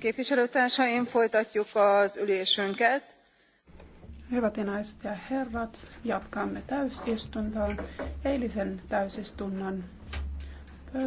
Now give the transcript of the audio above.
Képviselőtársaim, folytatjuk az ülésünket. Hyvät ja naiset ja herrat, jatkamme täysistuntoa eilisen täysistunnon